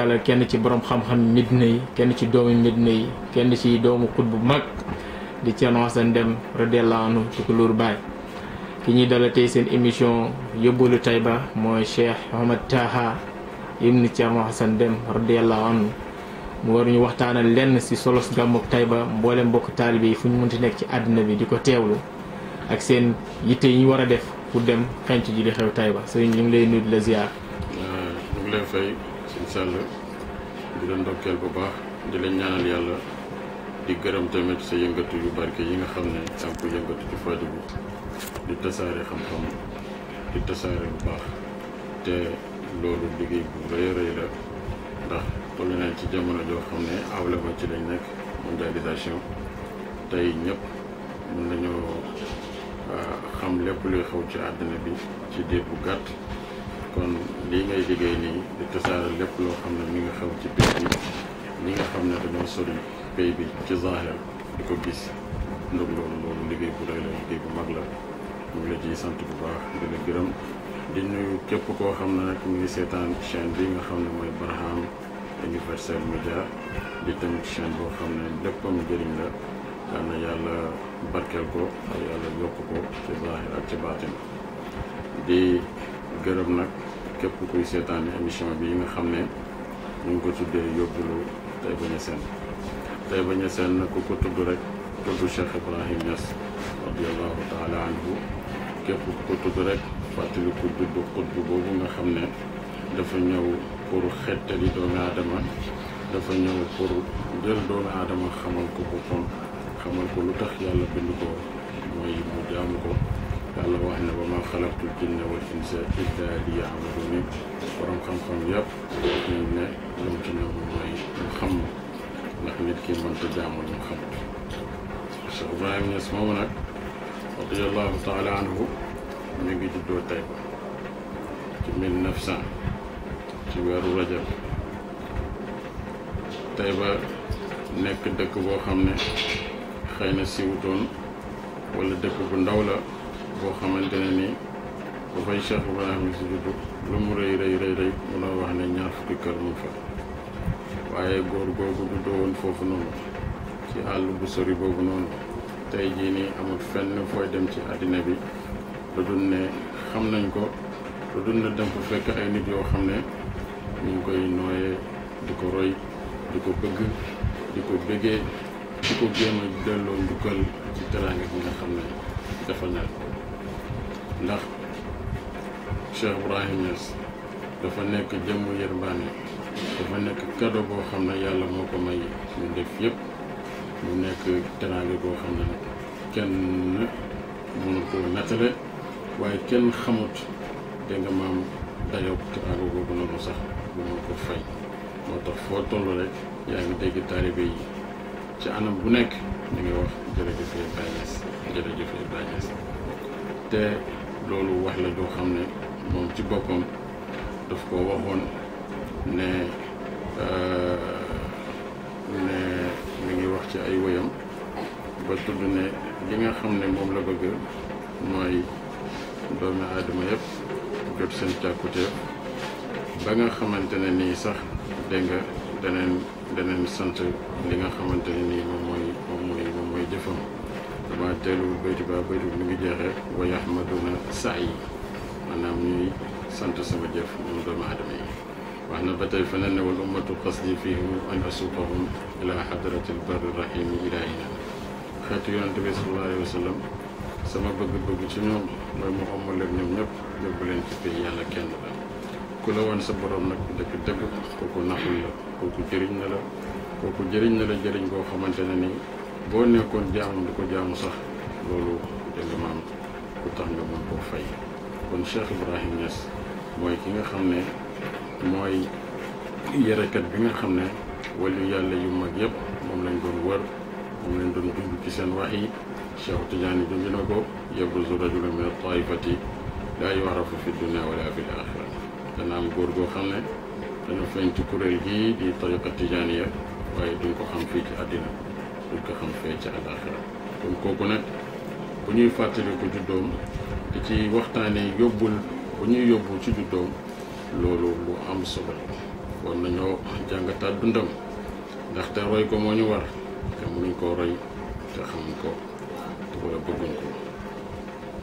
yàlla kenn ci boroom xamxam xam Medina yi kenn ci doomu Medina yi kenn ci doomu xut bu mag di Thierno Hassane Dème radiyallahu anhu Tukulóor Baay ki ñuy dala tey seen émission yóbbalu Taïba mooy Cheikh Mouhamed Taha ibn Thierno Hassane Dème radiyallahu anhu mu war ñu waxtaanal lenn ci solos gàmmuk ba mboolem bokk taalibe yi fu ñu mënti nekk ci àddina bi di ko teewlu ak seen yitte yi ñu war a def pour dem xenc ji di xew Taïba sëriñ ñu ngi lay nuyu di la Tine Sall di la ndokkeel bu baax di la ñaanal yàlla di gërëm tamit sa yëngatu yu barke yi nga xam ne am ko yëngatu ci Fadilou di tasaare xam-xam di tasaare bu baax te loolu liggéey bu rëy rëy ndax toll ci jamono joo xam ne avlema ci lañ nekk mondialisation tey ñëpp mën nañoo ah, xam lépp luy xew ci àddina bi ci diir bu gàtt kon lii ngay liggéey nii di tasaare lépp loo xam ne mi nga xew ci biir bi ñi nga xam ne dañoo sori pay bi ci zahir di ko gis ndog loolu loolu liggéey bu rëy la liggéey bu mag la ñu ngi la ci sant bu baax di la gërëm di nuyu képp koo xam ne nag mi ngi seetaan chaîne bi nga xam ne mooy Barham Universel Media di tamit chaîne boo xam ne léppam njëriñ la yal na yàlla barkeel ko ak yàlla yokk ko ci zahir ak ci baatin di gërëm nag képp kuy seetaani émission bi nga xam ne ñu ngi ko tuddee yóbbalu Taïba Niassène seen na ku ko tudd rek tudd Cheikh Ibrahim Niass radiallahu taala bu képp ku ko tudd rek fàttali ku tudd boobu nga xam ne dafa ñëw pour xettali doomu aadama dafa ñëw pour jël doomu aadama xamal ko boppam xamal ko lu tax yàlla bind ko mooy mu jaamu ko yàlla wax ne wa ma xalaqtul jinna wal insa illa liya'budun yëpp borom xam-xam yëpp wax ne lum ci nangu mooy mu xam ki mënta jaamu lu mu xamut Cheikh Ibrahima Niass moomu nag radiyallahu taala anhu mi ngi juddoo tey ko ci mille neuf cent ci weeru rajab tey ba nekk dëkk boo xam ne xëy dëkk bu ndaw la boo xamante ne ni bu fay Cheikh Ibrahima si juddu lu mu rëy rëy rëy munoo wax ne ñaar fukki kër mu fa waaye góor googu juddoo woon foofu noonu ci àll bu sori boobu noonu tey jii nii amul fenn fooy dem ci àddina bi lu dul ne xam nañ ko lu dul ne dem fekk ay nit yoo xam ne ñu koy nooyee di ko roy di ko bëgg di ko bëggee di ko jéem a delloo njukkal ci teraanga bi nga xam ne defal na ndax Cheikh Ibrahim Niass dafa nekk jëmm yërmaane dafa nekk kado boo xam ne yàlla moo ko may ñu def yëpp mu nekk teraanga boo xam ne nag kenn mënu ko nattale waaye kenn xamut dégg nga maam dayoo teraanga boobu noonu sax bu mën ko fay moo tax foo toll rek yaa ngi dégg taalibe yi ci anam bu nekk ñu ngi wax jërëjëf Baye Niass jërëjëf loolu wax la doo xam ne moom ci boppam daf ko waxoon ne euh, ne mi ngi wax ci ay woyam ba tudd ne li nga xam ne moom la bëgg mooy doomi aadama yëpp jot seen càkkuteef ba nga xamante ne nii sax dégg nga deneen daneen sant li nga xamante ne nii moom moom mooy moom mooy jëfam dama teelu baytu ba baytu mi ngi jeexee wa yahmaduna saa yi maanaam ñuy sant sama jëf moom doomu aadama yi wax na ba tey feneen ne wal ummatu qasdi fihim an asuqahum ila hadratil barri rahimi ilaahina xeetu yonente bi sallallahu alayhi wa sallam sama bëgg-bëgg ci ñoom mooy mu leen ñoom ñëpp yóbbu leen ci pays yàlla kenn la ku la woon sa borom nag dëgg dëgg kooku naxul la kooku jëriñ na la kooku jëriñ na la jëriñ boo xamante ne nii boo nekkoon jaamu di ko jaamu sax loolu ku tax nga mën koo fay kon Cheikh Ibrahim Niass mooy ki nga xam ne mooy yarekat bi nga xam ne wàllu yàlla yu mag yëpp moom lañ doon wër moom lañ doon dund ci seen wax yi Cheikh Tidiane junj na ko yabruzu rajulun min at-taifati laa yu'rafu fi dunya wala fil axira dana am góor goo xam ne dana feeñ ci kuréel gii di tariqa tijaaniya waaye duñ ko xam fii ci àddina duñ ko xam fee ca àllaaxira kon kooku nag bu ñuy fàttali ko juddoom di ci waxtaanee yóbbul bu ñuy yóbbu ci juddoom loolu lu am solo war nañoo jàngataat dundam ndaxte roy ko moo ñu war te mënuñ koo roy te xamuñ ko te wala ko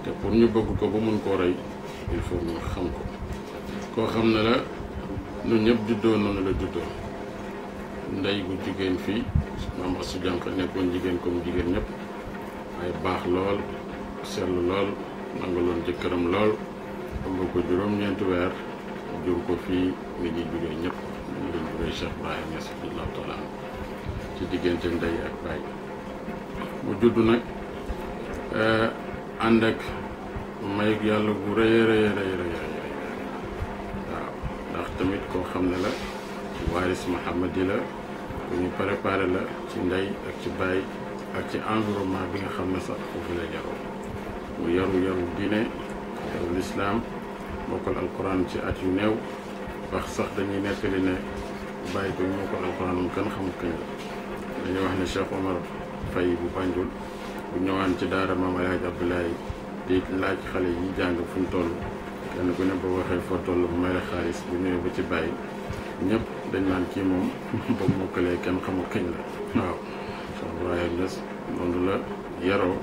te pour ñu bëgg ko ba mun koo roy il faut ñu xam ko koo xam ne la ñun ñëpp juddoo noonu la juddoo ndey gu jigéen fii maam Astou Diankha nekkoon jigéen comme jigéen ñëpp ay baax lool sell lool nangaloon jëkkëram lool ëmb ko juróom-ñeenti weer jur ko fii nit ñi juree ñëpp ci diggante ndey ak mu judd nag eh, ànd ak may yàlla gu rëy rëy rëy waaw ndax tamit koo xam ne la waaris Mahamadi la ñu pare la ci ndey ak ci baay ak ci environnement bi nga xam ne sax foofu la yaroo mu yaru yaru diine yaru lislaam mokkal alquran ci at yu néew wax sax dañuy nettali ne bàyyi ko ñu mokkal alquran moom kenn xamul kañ la dañuy wax ne Cheikh Omar Faye bu Banjul bu ñëwaan ci daara maam El Hadj Abdoulaye di laaj xale yi jàng fu ñu toll kenn ku ne boo waxee foo toll bu may la xaalis bu ñëwee ba ci bàyyi ñëpp dañ naan kii moom ba mokkalee kenn xamul kañ la waaw Cheikh Ibrahim Niass noonu la yaroo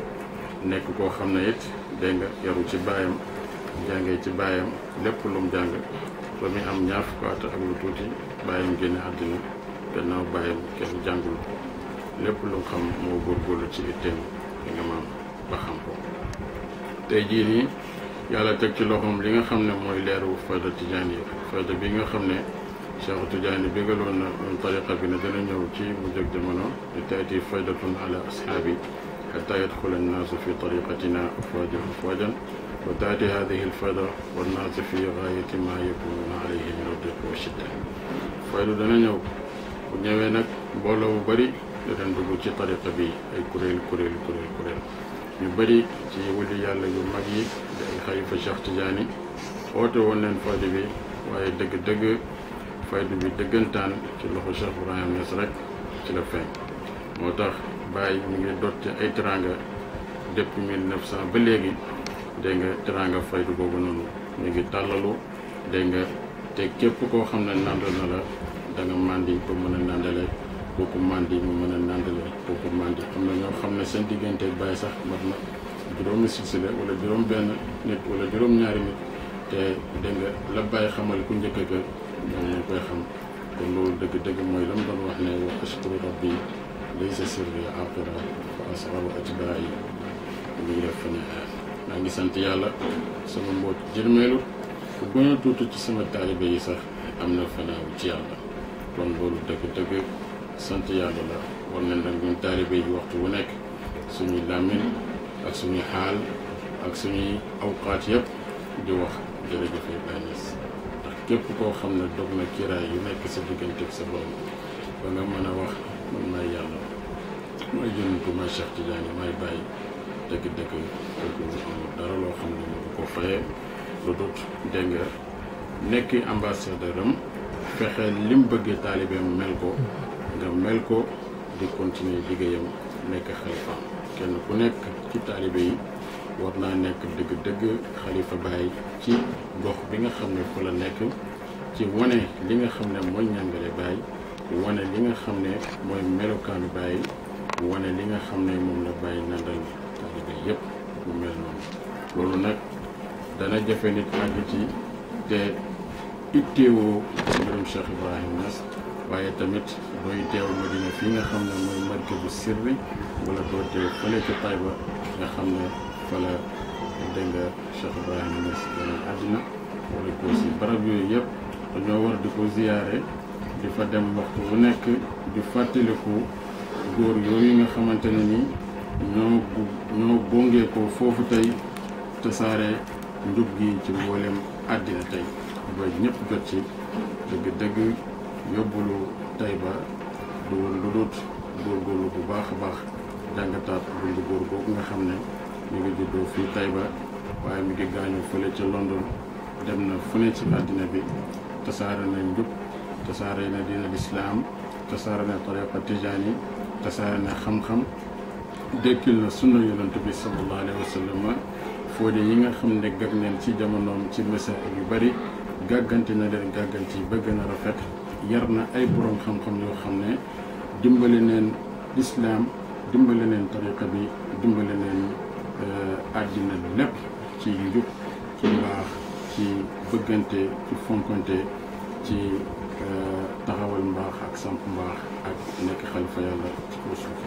nekk koo xam ne it dégg yaru ci baayam jàngee ci baayam lépp lum mu jàng ba muy am ñaar fukki at ak lu tuuti baayam génne àddina gannaaw baayam kenn jàngul lépp lu mu xam moo góorgóorlu ci itteem li maam ba xam ko tey jii nii yàlla teg ci loxoom li nga xam ne mooy leeru fayda tijaan yi fayda bi nga xam ne Cheikh Tidiane bégaloon na tariqa bi ne dana ñëw ci mu jóg jamono li taati faydatun ala ashaabi xata yadxula annaasu fi tariqatina afwaajan afwaajan wa taati hadihi alfayda wannaasu fi gaayati ma yakunuuna alayhi min addiqi wa shidda faydu dana ñëw bu ñëwee nag mbooloo bu bëri danañ dugg ci tariqa bi ay kuréel kuréel kuréel kuréel ñu bëri ci wuli yàlla yu mag yi di ay xalifa Cheikh Tidiane woote woon leen faydu bi waaye dëgg-dëgg faydu bi dëggantaan ci loxo Cheikh Ibrahima Niass rek ci la feeñ moo tax bàyyi mi ngi dot ci ay teranga depuis mille neuf cent ba léegi dégg nga teranga faydu boobu noonu ñu ngi tàllalu dégg nga te képp koo xam ne nandal na la da nga màndi ba mën a nandale kooku màndi mu mën a nandale kooku màndi am na ñoo xam ne seen diggante Baye sax mat na juróomi silsile wala juróom benn nit wala juróom ñaari nit te dégg nga la bàyyi xamal ku njëkk ka ñoom ñu koy xam kon loolu dëgg dëgg mooy la mu doon wax ne wa ashkuru rabbi laysa sirri aqira fa asraru atbaa'i muy def fa maa ngi sant yàlla sama mboot jërmeelu ku gën a tuuti ci sama taalibe yi sax am na fanaawu ci yàlla kon loolu dëgg dëgg sant yàlla la war nañ nag ñun taalibe yi waxtu wu nekk suñuy làmmiñ ak suñuy xaal ak suñuy awqaat yëpp di wax jërëjëf Baye Niass képp koo xam ne dog na kiraay yu nekk sa diggante ak sa borom ba nga mën a wax man maay yàlla mooy yonent ko maay Cheikh Tidiane maay bàyyi dëgg-dëgg kooku amul dara loo xam ne mu ko fayee lu dut dégg nga nekk lim bëggee taalibeem mel ko nga mel ko di continuer liggéeyam nekk xalifa kenn ku nekk ci taalibe yi war naa nekk dëgg-dëgg xalifa Baye ci gox bi nga xam ne fa la nekk ci wane li nga xam ne mooy njàngale Baye wane li nga xam ne mooy melokaanu Baye wane li nga xam ne moom la Baye nandal taalibe yépp mu mel noonu loolu nag dana jëfe nit àgg ci te itteewoo mbirum Cheikh Ibrahim Niass tamit doy teew nga xam ne mooy marke bu sirri wala doo teew fële ca Taïba nga xam ne fa la dégg nga Cheikh Ibrahima Niass àddina wala ko si barab yooyu yëpp dañoo war di ko ziyaare di fa dem waxtu bu nekk di fàttaliku góor yooyu nga xamante ne ni ñoo ñoo bongee foofu tey tasaare njub gi ci mboolem àddina tey ba ñëpp jot ci dëgg-dëgg yóbbulu tey ba du woon lu dut góorgóorlu bu baax a baax jàngataat dundu góor googu nga xam ne mi ngi juddoo fii Taïba waaye mi ngi gaañoo fële ca London dem na fële ci àddina bi tasaare na njub tasaare na diina lislaam tasaare na tariqa tijaan yi tasaare na xam-xam dékkil na sunna yonent bi sallallahu alayhi fóode yi nga xam ne gag neen ci jamonoom ci message yu bari gàggante na leen gàggante yi bëgg na rafet yar na ay borom xam-xam yoo xam ne dimbale neen lislaam dimbale neen tariqa bi dimbale neen Euh, àddina lépp ci njub ci mbaax ci bëggante ci fonkante ci euh, taxawal mbaax ak samp mbaax ak nekk xalifa yàlla ci kaw suuf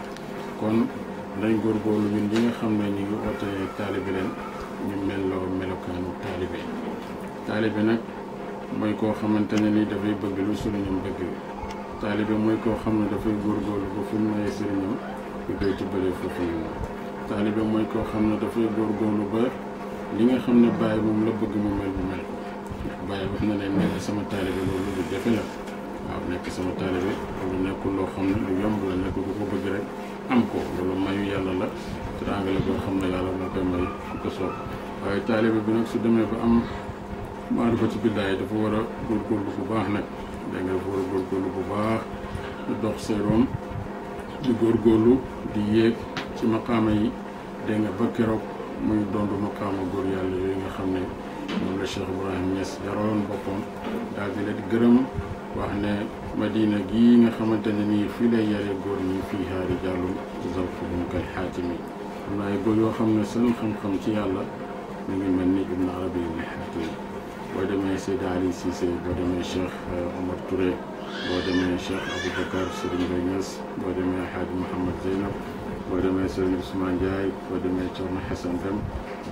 kon dañ góorgóorlu ñun ñi nga xam ne ñu ngi oote taalibe leen ñu melloo melokaanu taalibe taalibe nag mooy koo xamante ne ni dafay bëgg lu sëriñam bëgg taalibe mooy koo xam ne dafay góorgóorlu ba fu mu nee sëriñam ñu koy tibbalee foofu ñu taalibe mooy koo xam ne dafay góorgóorlu ba li nga xam ne bàyyi moom la bëgg mu mel mu mel ndax bàyyi wax na leen nekk sama taalibe loolu lu jafe la waaw nekk sama taalibe loolu nekkul loo xam ne lu yomb la nekk ku ko bëgg rek am ko loolu mayu yàlla la teraanga la boo xam ne yàlla moo koy may su ko soob waaye taalibe bi nag su demee ba am maarifa ci billaay dafa war a góorgóorlu bu baax nag dégg nga dafa war a góorgóorlu bu baax dox seeroom di góorgóorlu di yéeg ci maqaama yi dégg nga ba keroog muy dondu maqaama góor yàlla yooyu nga xam ne moom la Cheikh Ibrahim Niass yaroon boppam daal gërëm wax ne Madina gii nga xamante ne nii fii lay yare góor ñi fii xaari jàllum zawfuhum kay xaatimi am na ay góor yoo xam ne seen xam-xam ci yàlla mu ngi mel ni Ibn Arabi li xaatimi boo demee Seydi Ali Cissé boo demee Cheikh euh, Omar Touré boo demee Cheikh Aboubacar Serigne Bay Niass boo demee Hadj Mouhamad Zeynab boo demee Serigne Ousmane Ndiaye boo demee Thierno Hassane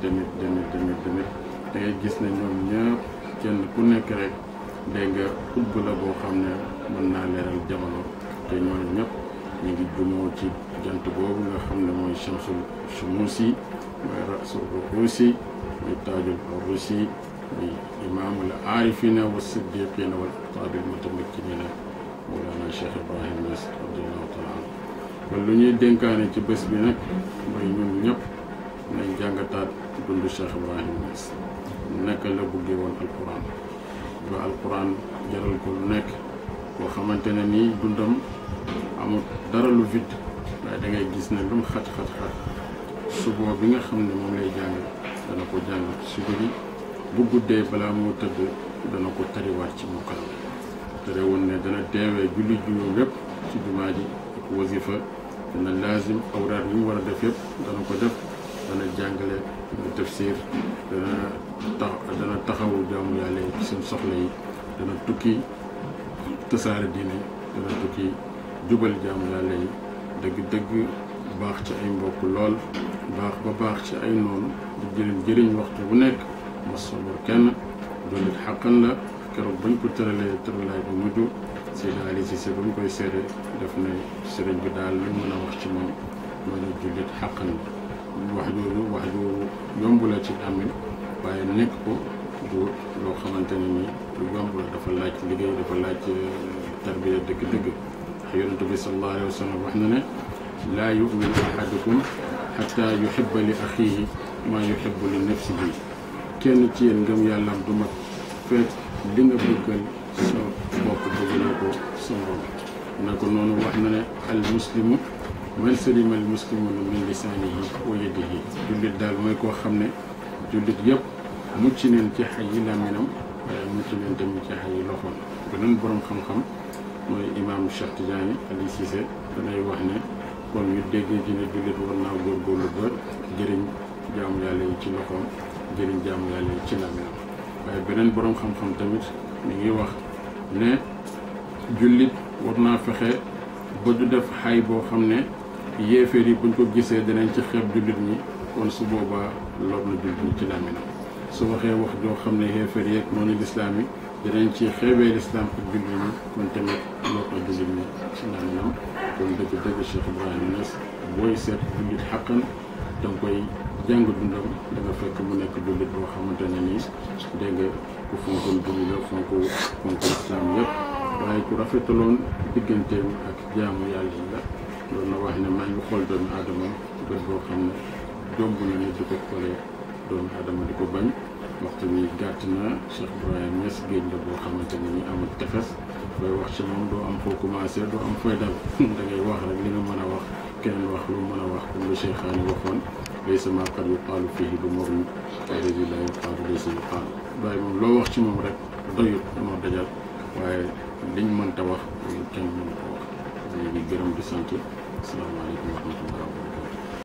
Deme demit demit demit demit da ngay gis ne ñoom ñëpp kenn ku nekk rek dégg nga xutba la boo xam ne mën naa leeral jamono te ñooñu ñëpp ñu ngi dumoo ci jant boobu nga xam ne mooy chamsul shumusi mooy rasul ruusi muy taajul ruusi muy imaamul aarifina wa siddiqina wal aqtaabil mutamakkinina Mawlana Cheikh Ibrahim Niass radiyallahu taala anhu kon lu ñuy dénkaane ci bés bi nag mooy ñun ñëpp nañ jàngataat dundu Cheikh Ibrahim Niass naka la buggee woon alquran ba jaral ko lu nekk koo xamante ne nii dundam amul dara lu vide waaye da gis ne lu mu xat xat xat bi nga xam ne moom lay jàng dana ko jàng suba bi bu guddee balaa moo tëdd dana ko tariwaat ci mokkal tere woon ne dana teewee julli juróom lépp ci jumaa ji ak wasifa dana laazim awraat yi mu war a def yëpp dana ko def dana jàngale tafsir dana tax taxawu jaamu yàlla yi ci seen soxla yi dana tukki tasaare diine dana tukki jubal jaamu yàlla yi dëgg-dëgg baax ci ay mbokk lool baax ba baax ci ay noonu di jëriñ jëriñ waxtu bu nekk mos sabor kenn jullit xàqan la keroog bañ ko tëralee tëralaay bu mujj Seydou Aliou Cissé ba mu koy seede daf ne sëriñ bi daal lu mën a wax ci moom mooy jullit xàqan wax ju yomb la ci am waaye nekk ko du loo xamante ne lu yomb la dafa laaj liggéey dafa laaj euh, tarbiya dëgg-dëgg ndax bi wax na ne laa yuminu ahadukum xata yuhibba li axihi maa yuhibbu li nafsihi kenn ci yéen ngëm yàllam du mat fekk li nga bëggal sa bopp bëgg ko sa morom naka noonu wax na ne al muslimu man salima al muslimuna min lisaanihi wa yadihi jullit daal mooy koo xam ne jullit yëpp mucc neen ci xay yi làmminam waaye mucc neen tamit ci xay yi loxoom beneen borom xam-xam mooy imaam Cheikh Tidiane Ali Cissé danay wax ne kon yu déggee ci ne jullit war naa góorgóorlu ba jëriñ jaamu yàlla yi ci loxoom jëriñ jaamu yi ci làmminam waaye beneen borom xam-xam tamit mi ngi wax ne jullit war naa fexe ba du def xay boo xam ne yéeféer yi buñ ko gisee dinañ ci xeeb jullit ñi kon su boobaa lor na jullit ci làmminam su waxee wax joo xam ne yéeféer yeeg noonu lislaam yi dinañ ci xeebee lislaam ak jullit ñi kon tamit lor na jullit ñi ci làmminam kon dëgg dëgg Cheikh Ibrahima Niass booy seet jullit xaqan danga koy jàng dundam da fekk mu nekk jullit boo xamante ne nii dégg nga ku fonkoon julli la fonk fonk islaam ak jaamu yàlla yi la loolu na wax ne maa ngi xool doomu aadama bët xam ne jomb na ni di ko xoolee doomu ko bañ waxtu bi gàtt na Cheikh Ibrahima Niass géej boo xamante ne nii amul tefes booy wax ci moom doo am foo commencé doo am fooy dal da wax rek li nga mën a wax keneen wax lu mën a wax comme lu Cheikh Xaani waxoon laysa maa qad yuqaalu fiihi ba mawlud alladi laa yuqaalu laysa yuqaalu waaye moom loo wax ci moom rek doyut moo dajal waaye liñ mënta wax loolu kenn mënu ko wax léegi gërëm di sant asalaamaaleykum wa rahmatullah